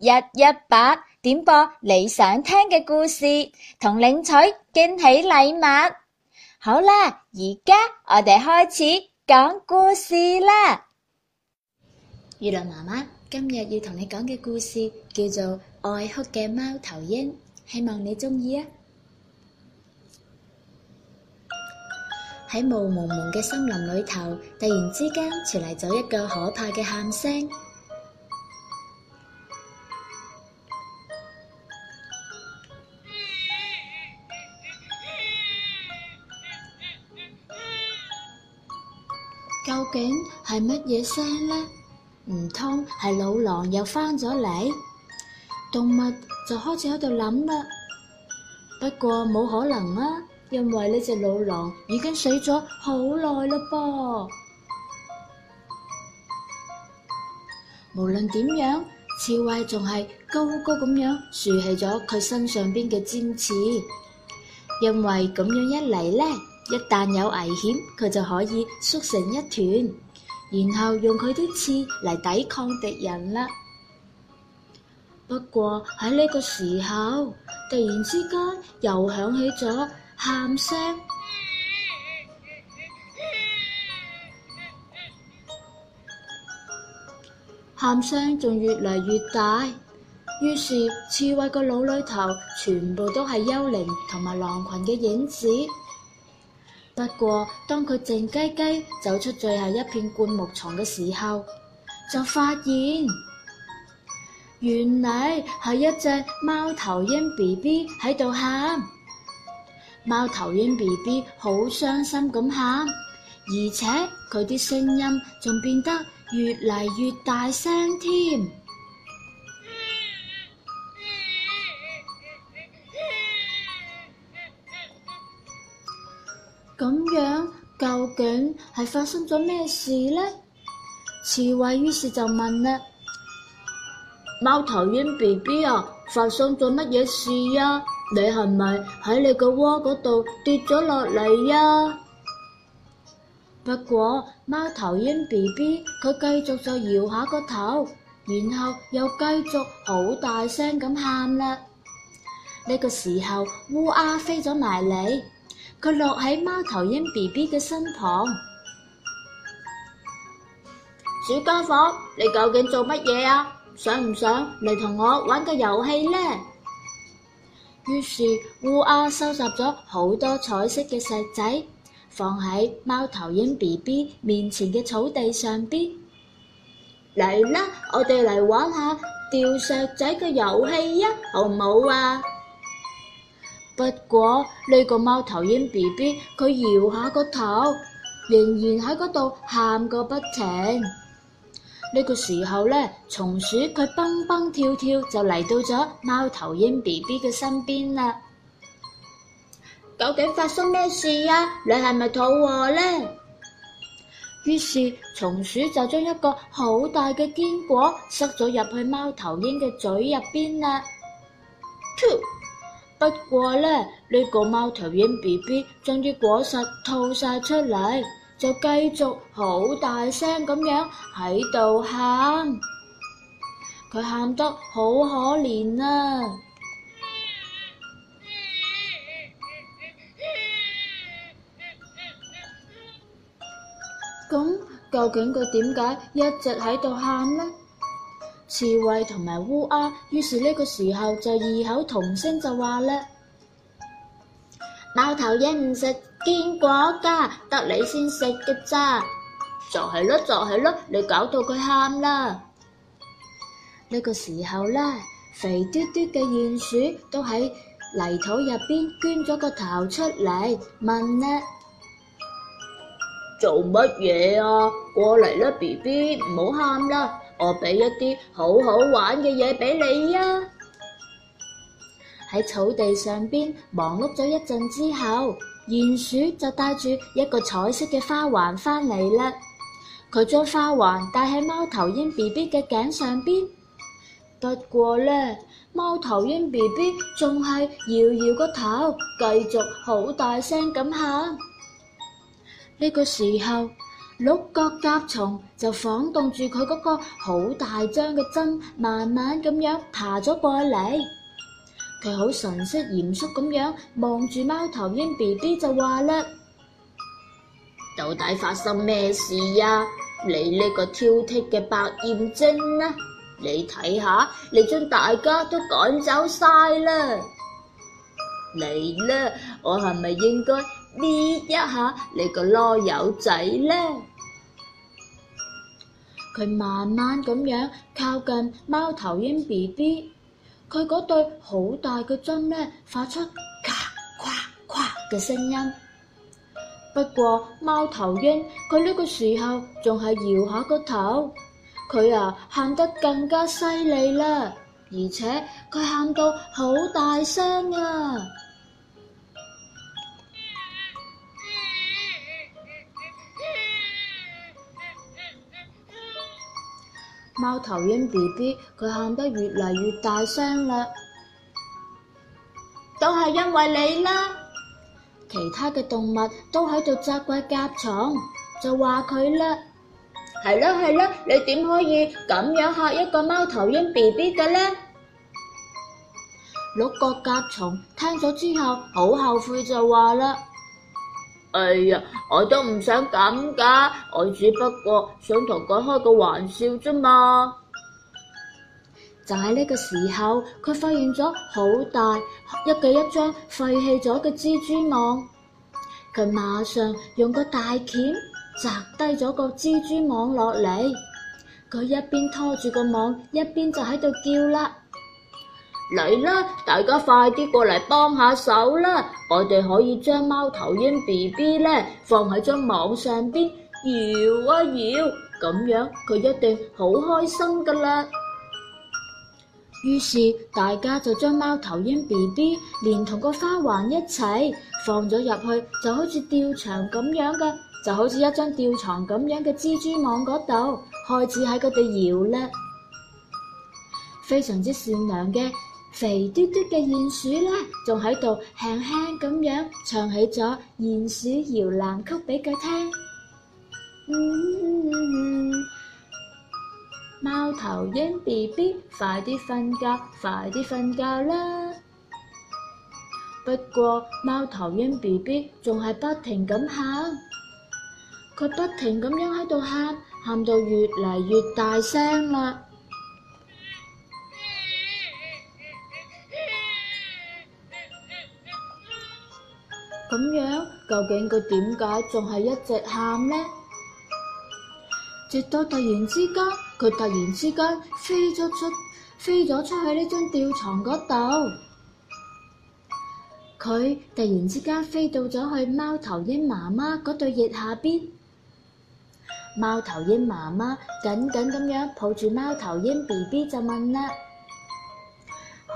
日一一八點播你想聽嘅故事，同領取驚喜禮物。好啦，而家我哋開始講故事啦。月亮媽媽今日要同你講嘅故事叫做《愛哭嘅貓頭鷹》，希望你鍾意啊！喺霧濛濛嘅森林裏頭，突然之間傳嚟咗一個可怕嘅喊聲。究竟係乜嘢聲呢？唔通係老狼又翻咗嚟？動物就開始喺度諗啦。不過冇可能啊，因為呢隻老狼已經死咗好耐嘞噃。無論點樣，刺蝟仲係高高咁樣豎起咗佢身上邊嘅尖刺，因為咁樣一嚟咧。一旦有危險，佢就可以縮成一團，然後用佢啲刺嚟抵抗敵人啦。不過喺呢個時候，突然之間又響起咗喊聲，喊聲仲越嚟越大。於是刺蝟個腦裏頭全部都係幽靈同埋狼群嘅影子。不過，當佢靜雞雞走出最後一片灌木叢嘅時候，就發現，原來係一隻貓頭鷹 BB 喺度喊。貓頭鷹 BB 好傷心咁喊，而且佢啲聲音仲變得越嚟越大聲添。咁樣究竟係發生咗咩事呢？刺猬於是就問啦，貓頭鷹 B B 啊，發生咗乜嘢事啊？你係咪喺你個窩嗰度跌咗落嚟啊？」不過貓頭鷹 B B 佢繼續就搖下個頭，然後又繼續好大聲咁喊啦。呢個時候烏鴉飛咗埋嚟。佢落喺貓頭鷹 B B 嘅身旁，小家伙，你究竟做乜嘢啊？想唔想嚟同我玩個遊戲呢？於是烏鴉收集咗好多彩色嘅石仔，放喺貓頭鷹 B B 面前嘅草地上邊。嚟啦，我哋嚟玩下掉石仔嘅遊戲呀，好唔好啊？不過呢個貓頭鷹 BB 佢搖下個頭，仍然喺嗰度喊個不停。呢個時候咧，松鼠佢蹦蹦跳跳就嚟到咗貓頭鷹 BB 嘅身邊啦。究竟發生咩事呀？你係咪肚餓咧？於是松鼠就將一個好大嘅堅果塞咗入去貓頭鷹嘅嘴入邊啦。吐。不過咧，呢個貓頭鷹 BB 將啲果實吐晒出嚟，就繼續好大聲咁樣喺度喊，佢喊得好可憐啊！咁究竟佢點解一直喺度喊呢？刺猬同埋烏鴉，於是呢個時候就異口同聲就話咧：貓頭鷹唔食堅果噶，得你先食嘅咋？就係啦，就係啦，你搞到佢喊啦！呢個時候咧，肥嘟嘟嘅鼹鼠都喺泥土入邊捐咗個頭出嚟，問呢，做乜嘢啊？過嚟啦，B B，唔好喊啦！BB, 我俾一啲好好玩嘅嘢俾你啊！喺草地上邊忙碌咗一陣之後，鼹鼠就帶住一個彩色嘅花環翻嚟啦。佢將花環戴喺貓頭鷹 B B 嘅頸上邊。不過咧，貓頭鷹 B B 仲係搖搖個頭，繼續好大聲咁喊。呢個時候。鹿角甲蟲就晃動住佢嗰個好大張嘅針，慢慢咁樣爬咗過嚟。佢好神色嚴肅咁樣望住貓頭鷹 B B 就話啦：到底發生咩事呀、啊？你呢個挑剔嘅白燕精呢、啊？你睇下，你將大家都趕走晒啦！嚟啦，我係咪應該？搣一下你個囉柚仔咧，佢慢慢咁樣靠近貓頭鷹 B B，佢嗰對好大嘅針咧，發出咔咔咔嘅聲音。不過貓頭鷹佢呢個時候仲係搖下個頭，佢啊喊得更加犀利啦，而且佢喊到好大聲啊！貓頭鷹 B B 佢喊得越嚟越大聲啦，都係因為你啦。其他嘅動物都喺度責怪甲蟲，就話佢啦。係啦係啦，你點可以咁樣嚇一個貓頭鷹 B B 嘅咧？六個甲蟲聽咗之後好後悔，就話啦。哎呀，我都唔想咁噶，我只不過想同佢開個玩笑啫嘛。就喺呢個時候，佢發現咗好大一嘅一張廢棄咗嘅蜘蛛網，佢馬上用個大鉗砸低咗個蜘蛛網落嚟，佢一邊拖住個網，一邊就喺度叫啦。嚟啦！大家快啲過嚟幫下手啦！我哋可以將貓頭鷹 B B 咧放喺張網上邊搖一搖，咁樣佢一定好開心噶啦。於是大家就將貓頭鷹 B B 連同個花環一齊放咗入去，就好似吊床咁樣噶，就好似一張吊床咁樣嘅蜘蛛網嗰度開始喺度搖啦，非常之善良嘅。肥嘟嘟嘅鼹鼠咧，仲喺度輕輕咁樣唱起咗《鼹鼠搖籃曲》俾佢聽。嗯，貓頭鷹 B B，快啲瞓覺，快啲瞓覺啦！不過貓頭鷹 B B 仲係不停咁喊，佢不停咁樣喺度喊，喊到越嚟越大聲啦。咁樣，究竟佢點解仲係一直喊呢？直到突然之間，佢突然之間飛咗出，飛咗出去呢張吊床嗰度。佢突然之間飛到咗去貓頭鷹媽媽嗰對翼下邊，貓頭鷹媽媽緊緊咁樣抱住貓頭鷹 BB 就問啦。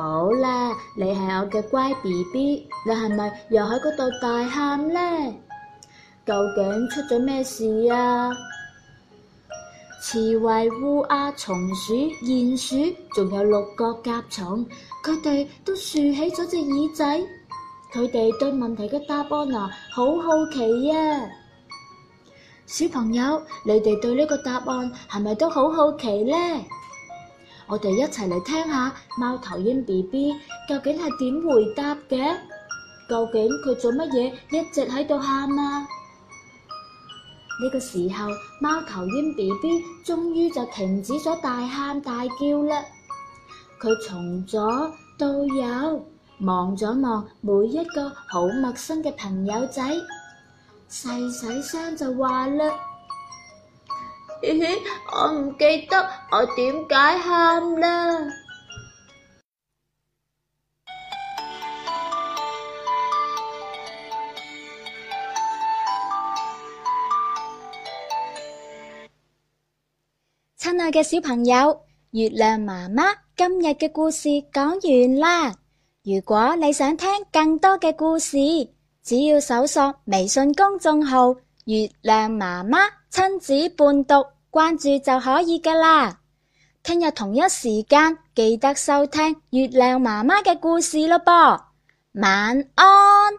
好啦，你係我嘅乖 BB，你係咪又喺嗰度大喊呢？究竟出咗咩事啊？刺猬、烏鴉、松鼠、鼹鼠，仲有六角甲蟲，佢哋都豎起咗隻耳仔，佢哋對問題嘅答案啊，好好奇啊！小朋友，你哋對呢個答案係咪都好好奇呢？我哋一齊嚟聽下貓頭鷹 B B 究竟係點回答嘅？究竟佢做乜嘢一直喺度喊啊？呢個時候，貓頭鷹 B B 終於就停止咗大喊大叫啦。佢從左到右望咗望每一個好陌生嘅朋友仔，細細聲就話啦。嘻嘻， 我唔記得我點解喊啦。親愛嘅小朋友，月亮媽媽今日嘅故事講完啦。如果你想聽更多嘅故事，只要蒐索微信公眾號月亮媽媽。親子伴讀，關注就可以㗎喇。聽日同一時間記得收聽月亮媽媽嘅故事囉噃。晚安。